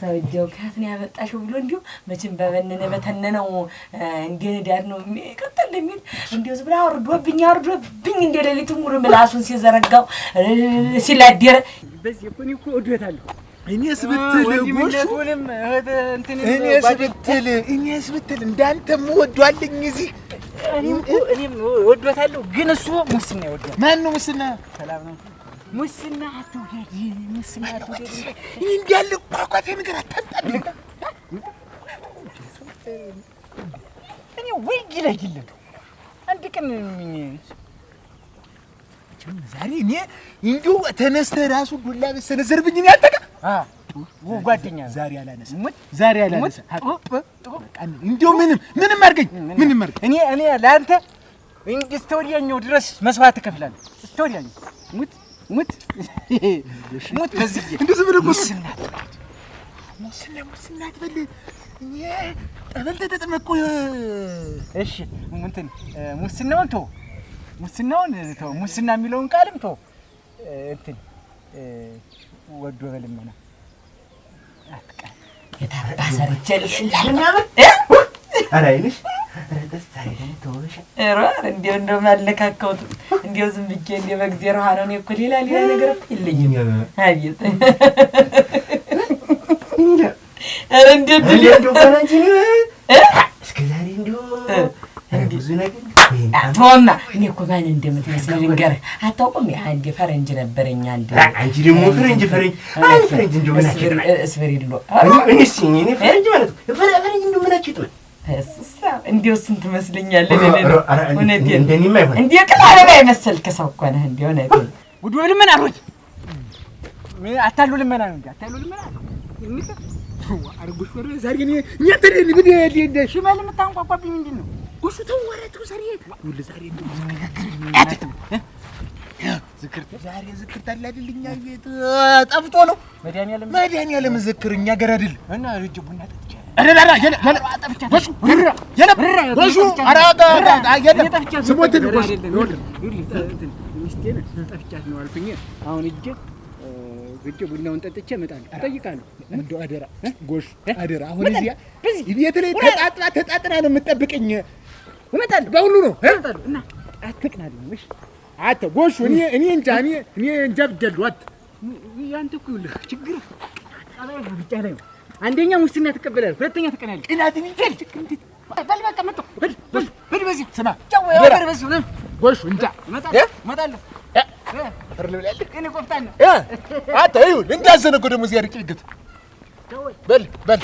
ሰውየው ከየት ነው ያመጣሽው ብሎ እንዲሁ መቼም በበነነ በተነነው እንደ ነው የሚቀጥል እንደሚል እንዲሁ ዝም ብላ አውርዶብኝ አውርዶብኝ እንደ ሌሊቱ ሙሉ ምላሱን ሲዘረጋው ሲላደረ በዚህ እኮ እኔ እኮ እወዳታለሁ እኔስ ብትል ጎሹ እኔስ ብትል እኔስ ብትል እንዳንተም እወዷልኝ እዚህ እኔም እወዷታለሁ ግን እሱ ሙስና ይወዷል ማነው ሙስና ሰላም ነው ሙስና አትውደድ፣ ሙስና አትውደድ። ይህ እንዳለ ቋቋቴ ነገር አታምጣልኝ። እኔ ወይ ይለጅለት አንድ ቀን ዛሬ እኔ እንዲሁ ተነስተህ ራሱ ዱላ ብትሰነዘርብኝ እኔ ጓደኛ ዛሬ አላነሳም፣ ዛሬ አላነሳም። እንዲሁ ምንም ምንም አድርገኝ፣ ምንም አድርገኝ። እኔ እኔ ለአንተ እስከ ወዲያኛው ድረስ መስዋዕት እከፍላለሁ፣ እስከ ወዲያኛው ሙት ሙት በዚህ እንደዚህ ብለህ እኮ ሙስና ሙስና አትበል። ጠበል ተጠጥመህ እሺ፣ እንትን ሙስናውን ተው፣ ሙስናውን ተው፣ ሙስና የሚለውን ቃልም ተው። እንትን ወዶ በልመና አትቀር የታበጣ ሰርቼልሽላልና ኧረ አይልሽ ኧረ እንደው እንደው የሚያለካከውት እንዲያው ዝም ብዬ እንዲያው በእግዜር ውሃ ነው። እኔ እኮ ሌላ ሌላ ነገር እኮ የለኝም። አቤት ኧረ እንዴት እስከ ዛሬ እንዲሁ ብዙ ነገር ተወማ። እኔ እኮ ማን እንደምትመስል ልንገርህ አታውቅም። አንዴ ፈረንጅ ነበረኝ። አንዴ አንቺ ደግሞ ፈረንጅ ፈረንጅ ፈረንጅ እንደው ምናችሁ ፈረንጅ ማለት ፈረንጅ እንደው ምናችሁ እንዲው እሱን ትመስለኛለህ። እንዲህ ቅል አበባ የመሰልክ እኮ ነህ። እንዲህ እውነቴን ውድ ልመና አልሆኝ አታሉ ልመና ነው እንጂ አታሉ ልመና አርጉሽ ወር ዛሬ ግን ያተደ ልብድ ሽመል የምታንቋቋብኝ ምንድን ነው? ጎሹ ተወረት ዛሬ ሁሉ ዛሬ ዛሬ ዝክር ታለ ቤት ጠፍቶ ነው መድኃኒዓለም ዝክር እኛ ገር አይደል እና ቡና ጠጥ ግጭ ቡናውን ጠጥቼ እመጣለሁ፣ እጠይቃለሁ። እንደው አደራ ጎሽ፣ አደራ። አሁን እዚያ ቤት ላይ ተጣጥራ ተጣጥራ ነው የምጠብቀኝ። እመጣለሁ፣ በሁሉ ነው። አትቅናለኝ። እሺ፣ አተ ጎሽ፣ እኔ እኔ እንጃ እኔ እኔ እንጃ ብያለሁ። አት ያንተ እኮ ይኸውልህ ችግር ብቻ ላይ ነው አንደኛ ሙስና ትቀበላለህ፣ ሁለተኛ ትቀናለህ። ቅናትን ይፈል በል በቃ መጣሁ። ሂድ በዚህ በል በዚህ ሆነ ጎሹ እንጃ እመጣለሁ። አፈር እኔ ነው አታ ይሁን እንዳዘነ በል በል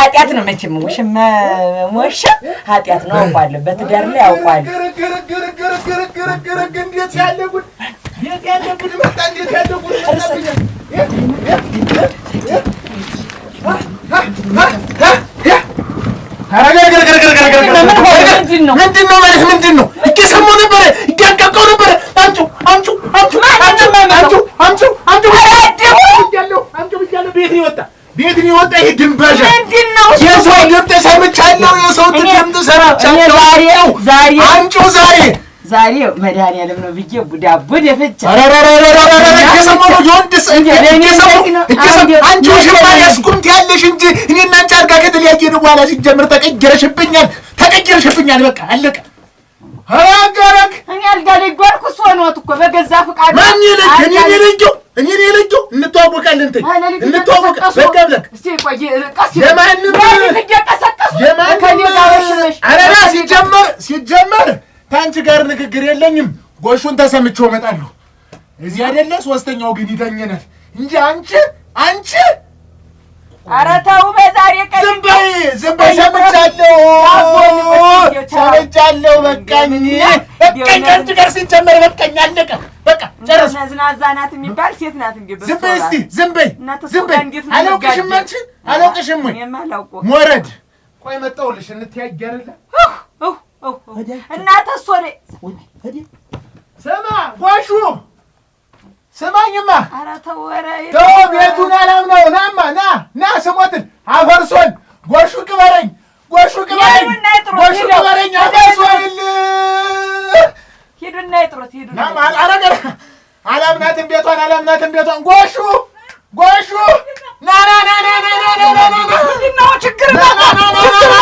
ኃጢአት ነው መቼም ውሽም መወሸም ኃጢአት ነው አውቋለሁ። በትዳር ላይ አውቋለሁ። ምንድን ነው እየሰማሁ ነበረ፣ እያንቃቃሁ ነበረ። አምጩ አምጩ አምጩ አምጩ አምጩ አምጩ ቤት ይወጣ ቤት ይወጣ። ይሄ ድንባሻ ምንድን ነው? የሰው ድምፅ ሰምቻለሁ፣ የሰው ድምፅ ሰምቻለሁ። አምጩ ዛሬ ዛሬ መድኃኒዓለም ነው ብዬ ቡዳ ቡድ የፈጨ ሲጀምር ተቀየረሽብኛል፣ ተቀየረሽብኛል። በቃ አለቀ። አጋረክ እኔ አልጋ ላይ ጓልኩ እሱ እኮ በገዛ ፈቃድ ማን ይለኝ እኔ እኔ ልጅ እኔ እኔ ልጅ እንተዋወቃለን እንትን እንተዋወቃለን በቃ ብለህ እስቲ ቆይ ቀስ ለማንም ለማንም ሲጀመር ሲጀመር ከአንቺ ጋር ንግግር የለኝም። ጎሹን ተሰምቼው እመጣለሁ። እዚህ አይደለ ሶስተኛው ግን ይተኝናል እንጂ አንቺ አንቺ ኧረ ተው በዛሬ ቀን ዝም በይ ዝም በይ ሰምቻለሁ ሰምቻለሁ በቃኝ በቃኝ ከአንቺ ጋር ሲጨመር በቃኝ አለቀ በቃ ጨረስኩ ዝናዛ ናት የሚባል ሴት ናት ዝም በይ እስኪ ዝም በይ ዝም በይ አላውቅሽም አንቺ አላውቅሽም ወይ ሞረድ ቆይ መጣሁልሽ እንተያያለን እናተ ሶኔ ስማ ጓሹ ስማኝማ፣ ተው ቤቱን አላምነው። ናማ ና ና ስሞትን አፈርሶን ጓሹ ቅበረኝ፣ ጓሹ ቅበረኝ፣ ጓሹ ቅበረኝ፣ አፈርሶን ሂዱና ይጥሩት። ሂዱ አላምናትን ቤቷን አላምናትን ቤቷን ጓሹ ጓሹ ና ና ና ና ና ና ና ና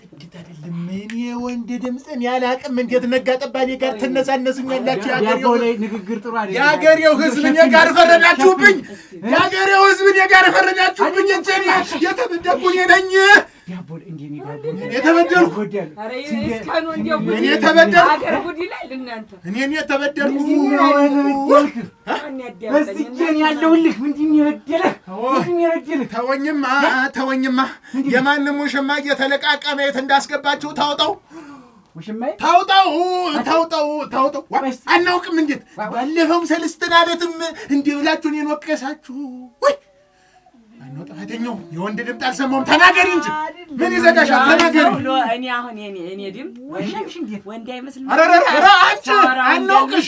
እንዴት አይደለም እኔ ወንድ ድምፅን ያለ አቅም እንዴት ነጋ ጋር ትነሳነሱኛላችሁ? የአገሬው ሕዝብ እኔ ጋር ፈረዳችሁብኝ። የአገሬው ሕዝብ እኔ ጋር ፈረዳችሁብኝ። እጄና የተመደኩ ነኝ። ዳቦ እንደ እኔ ዳቦ የተበደልኩ እኔ የተበደልኩ እኔ እኔ የተበደልኩ በስጀን ያለሁልህ ምንድን የበደለህ ምንድን የበደለህ? ተወኝማ ተወኝማ የማንም ውሽማ የተለቃቀመ የት እንዳስገባችሁ ታውጣው ታውጣው ታውጣው ታውጣው። አናውቅም እንዴት ባለፈውም ሰልስትን አለትም እንዲህ ብላችሁን የንወቀሳችሁ ወይ ማነው ጥፋተኛው? የወንድ ድምፅ አልሰማሁም። ተናገሪ እንጂ ምን ይዘጋሻል? ተናገሪ። እኔ አሁን እኔ ድምፅ ወንድ አይመስልም። ኧረ አንቺ አናውቅሽ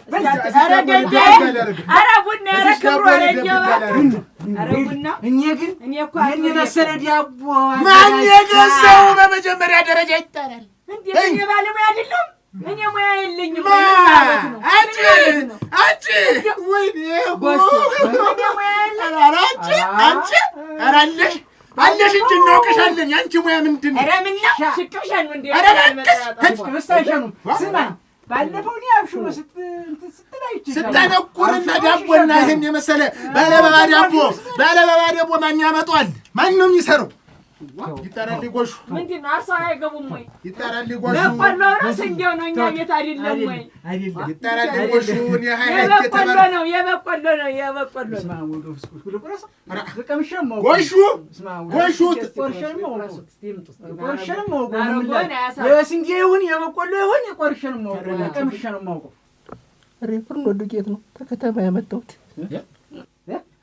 በመጀመሪያ ደረጃ ይጠራል እኔ ባለሙያ አይደለሁም። እኔ ሙያ የለኝም። አለሽ አለሽ እንጂ እናውቅሻለን። የአንቺ ሙያ ምንድን ነው? ባለፈው እኔ አብሽሮ ስትነቁርና ዳቦና ይህን የመሰለ ባለበባ ዳቦ ባለበባ ዳቦ ማን ያመጧል? ማን ነው የሚሰራው? ይጠራል ጎሹ ምንድን ነው? አይገቡም ወይ? ይጠራል ጎሹ ለቆሎ ራስ እንደው ነው እኛ ቤት አይደለም ወይ? ይጠራል ጎሹ የበቆሎ ነው የበቆሎ ነው የበቆሎ ጎሹ ጎሹ የስንዴ ይሁን የበቆሎ ይሁን የቆርሸን ቀምሼ ነው የማውቀው። ሬ ፍርኖ ዱቄት ነው ተከተማ ያመጣሁት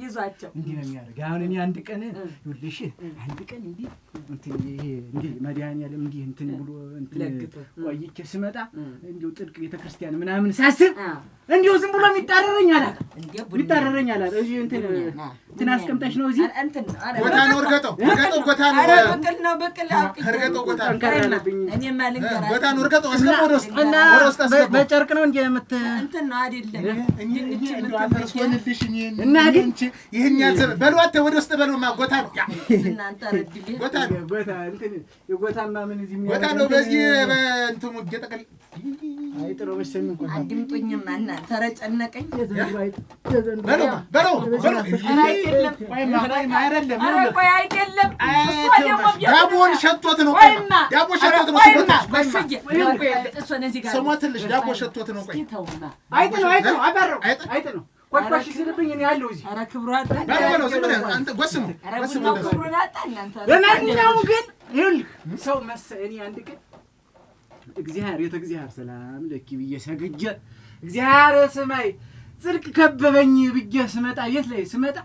ይዟቸው እንዲህ ነው የሚያደርግ። አሁን እኔ አንድ ቀን ይኸውልሽ አንድ ቀን እንዲህ እንትን ይሄ እንዲህ መድኃኒዓለም እንዲህ እንትን ብሎ እንትን ቆይቼ ስመጣ እንዲሁ ጥልቅ ቤተክርስቲያን ምናምን ሳስብ እንዲሁ ዝም ብሎ የሚጣረረኝ አላውቅም። የሚጣረረኝ እዚህ እንትን እንትን አስቀምጠሽ ነው እዚህ ቦታ ነው። በጨርቅ ነው እና ግን ወደ ውስጥ በሉማ ጎታ ነው ጎታ ነው በዚህ አድምጡኝማ እና ዳቦን ሸቶት ነው። ዳቦ ሸቶት ነው። ስሞትልሽ ዳቦ ሸቶት ነው። አይጥ ነው። አይጥ ነው። አይጥ ነው። ለማንኛውም ግን ይኸውልህ ሰው መሰ አንድ ቀን እግዚአብሔር የተግዚአብሔር ሰላም ለኪ ብዬ ሰግጄ እግዚአብሔር ስማይ ጽድቅ ከበበኝ ብዬ ስመጣ የት ላይ ስመጣ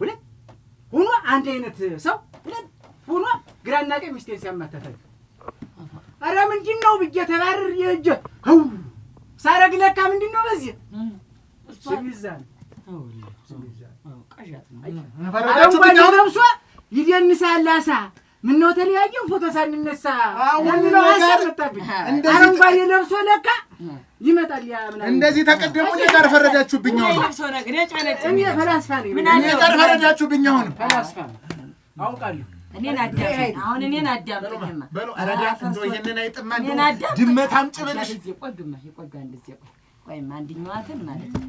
ሁለት ሁኖ አንድ አይነት ሰው ሁለት ሁኖ ግራና ቀኝ ሚስቴን ሲያማታታል። አረ ምንድን ነው ብዬ ተባረር የእጀ ው ሳረግ ለካ ምንድን ነው በዚህ ስሚዛ ነውዛ ነብሷ ይደንሳል አሳ ምን ነው ተለያየን? ፎቶ ሳንነሳ አሁን የሚለው ሀሳብ መጣብኝ። አረንጓዴ ለብሶ ለካ ይመጣል። ያ ምናምን እንደዚህ ተቀደሙ። እኔ ጋር ፈረዳችሁብኝ። አሁንም እኔ ፈላስፋ ነኝ። እኔ ጋር ፈረዳችሁብኝ። አሁንም ፈላስፋ አውቃለሁ። እኔን አዳምጠኝ። አሁን እኔን አዳምጠኝማ በለው። ኧረ እንደው ይሄንን አይጥማ ድመት አምጪ ብለሽ ቆይ፣ አንድኛዋትን ማለት ነው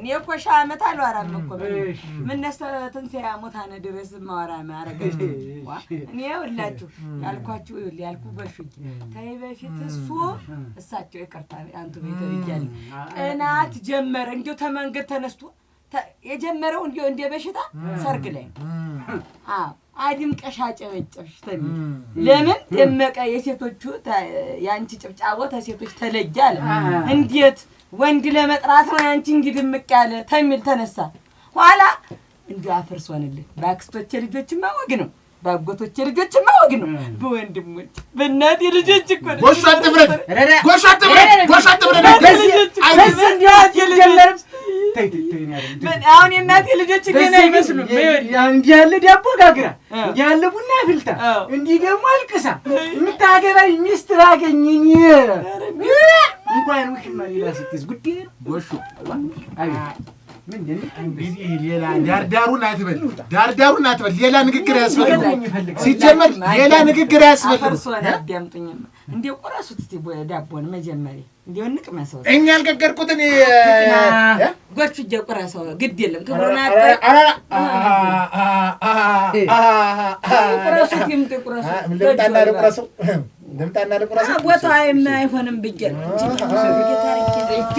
እኔ እኮ ሻ ዓመት አልዋራም እኮ ምን ነስተ ትንሣኤ ሙታነ ድረስ ማወራ ማረገች እኔ ይኸውላችሁ ያልኳችሁ ይል ያልኩ በሽኝ ተይ በፊት እሱ እሳቸው ይቅርታ አንቱ ቤተ ብያለሁ ቅናት ጀመረ እንዲሁ ተመንገድ ተነስቶ የጀመረው እንዲሁ እንደ በሽታ ሰርግ ላይ አዎ አድምቀሽ አጨበጨብሽ ተሚል ለምን ደመቀ የሴቶቹ የአንቺ ጭብጫቦ ተሴቶች ተለጃለ እንዴት ወንድ ለመጥራት ነው ያንቺ እንግዲህ ምቅ ያለ ተሚል ተነሳ። ኋላ አፈርስ አፈርሷንልህ። በአክስቶቼ ልጆችማ ወግ ነው፣ በአጎቶቼ ልጆችማ ወግ ነው፣ በወንድሞች በእናቴ ልጆች እኮ ነው። ጎሽ አትብረድ፣ ጎሽ አትብረድ፣ ጎሽ አትብረድ። አሁን የእናቴ ልጆች ገና አይመስሉም። እንዲህ ያለ ዳቦ ጋግራ፣ እንዲህ ያለ ቡና አፍልታ፣ እንዲህ ደግሞ አልቅሳ የምታገባኝ ሚስት ባገኝን እንኳን ውሽማ ሌላ ስትይዝ ጉዳይ ጎሹ ዳርዳሩን አትበል፣ ዳርዳሩን አትበል። ሌላ ንግግር አያስፈልግም። ሲጀመር ሌላ ንግግር አያስፈልግም። እርስዎን ቁረሱት እስኪ ዳቦን መጀመሪያ እንደው እንቅመሰው። እኛ አልቀቀርኩትን ጎቹ እጀ ቁረሰው። ግድ የለም ቁረሱት እንደምታናደቁ ራሱ ቦታ አይሆንም ብዬ ነው እንጂ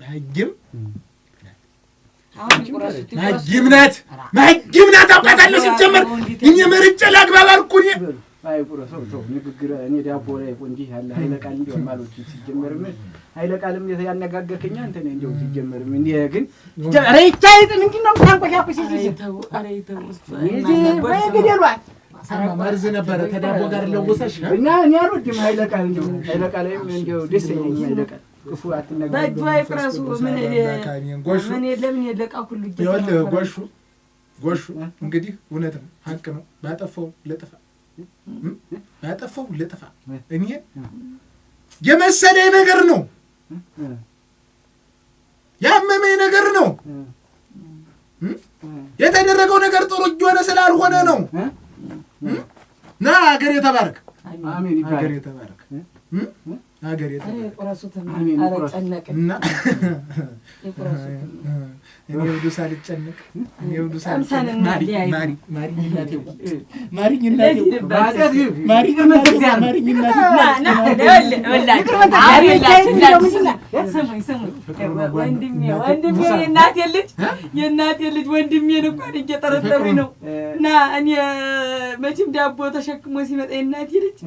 በህግም መሀጊም ናት፣ መሀጊም ናት አውቃታለሁ። ሲጀመር እኔ መርጬ ላግባባ አልኩኝ። አይ ሰው ሰው ንግግር እኔ ዳቦ ላይ እኮ ያለ ኃይለ ቃል እንዲሆን ማለት ሲጀመርም ኃይለ ቃልም ያነጋገርከኛ አንተ ነህ። እንዲያው ሲጀመርም እንዲ ግን ኧረ ይቻይጥ ምንድን ነው ታንቆሻቁ ሲሲሲግደሏል መርዝ ነበረ ከዳቦ ጋር ለውሰሽ እና እኔ አልወድም ኃይለ ቃል እንዲሁ ኃይለ ቃል ላይም እንዲሁ ደስ ይለኛል ኃይለ ቃል ክፉ አትነጋገሩ። ጎሹ ጎሹ እንግዲህ እውነት ነው፣ ሀቅ ነው። ባጠፋው ለጥፋ ባጠፋው ለጥፋ እኔ የመሰለኝ ነገር ነው፣ ያመመኝ ነገር ነው። የተደረገው ነገር ጥሩ እየሆነ ስላልሆነ ነው። ና ሀገር የተባረክ ሀገር የተባረክ ሀገር የእናቴ ልጅ የእናቴ ልጅ ወንድሜን እንኳን እየጠረጠሩኝ ነው እና እኔ መቼም ዳቦ ተሸክሞ ሲመጣ የእናቴ ልጅ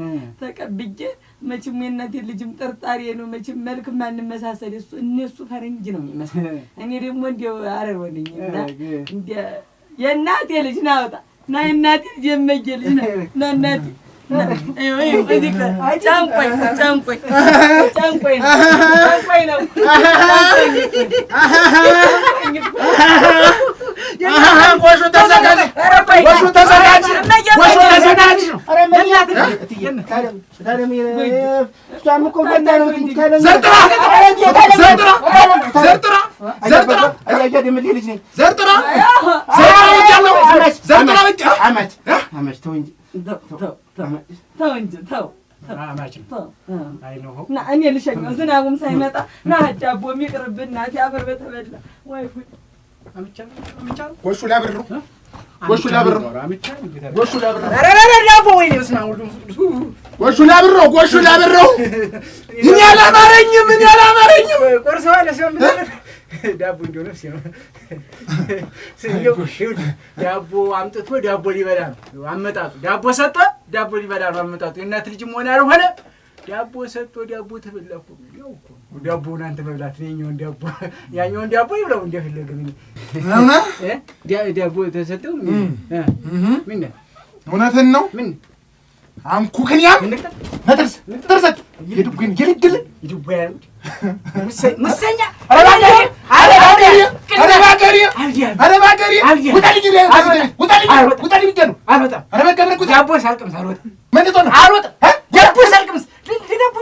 ተቀብዬ መቼም የእናቴ ልጅ መቼም ጠርጣሪ ነው። መቼም መልክ ማንመሳሰል እሱ እነሱ ፈረንጅ ነው የሚመስል እኔ ደግሞ እንዲያው አረር ሆነኝ እና የእናቴ ልጅ ናወጣ ና የእናቴ ልጅ የመጌ ልጅ ና እናቴ ጨንቆኝ ጨንቆኝ ጨንቆኝ ነው ተው እኔ ልሸኘው ዝናቡም ሳይመጣ ና ዳቦም ይቅርብና አፈር በተበላ ጎሹ ላብሩ ጎሹ ላብሩ እኔ አላማረኝም፣ እኔ አላማረኝም። ዳቦ እንደው ነፍሴ ነው። ዳቦ አምጥቶ ዳቦ ሊበላ ነው አመጣጡ። ዳቦ ሰጠ ዳቦ ሊበላ ነው አመጣጡ። የእናት ልጅም ሆነ ያልሆነ ዳቦ ሰጥቶ ዳቦ ተበላ እኮ ነው ዳቦውን አንተ መብላት የኛውን ዳቦ ያኛውን ዳቦ ይብለው እንደፈለገ ዳቦ ተሰጠው። ምን እውነትን ነው? ምን አንኩክን ያም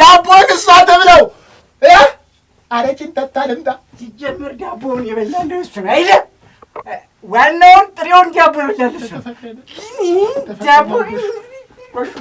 ዳቦ ንሷ ተብለው አረቂን ጠጣ ልምጣ ሲጀምር ዳቦውን የበላ እንደ እሱ አይለ ዋናውን ጥሬውን ዳቦ የበላ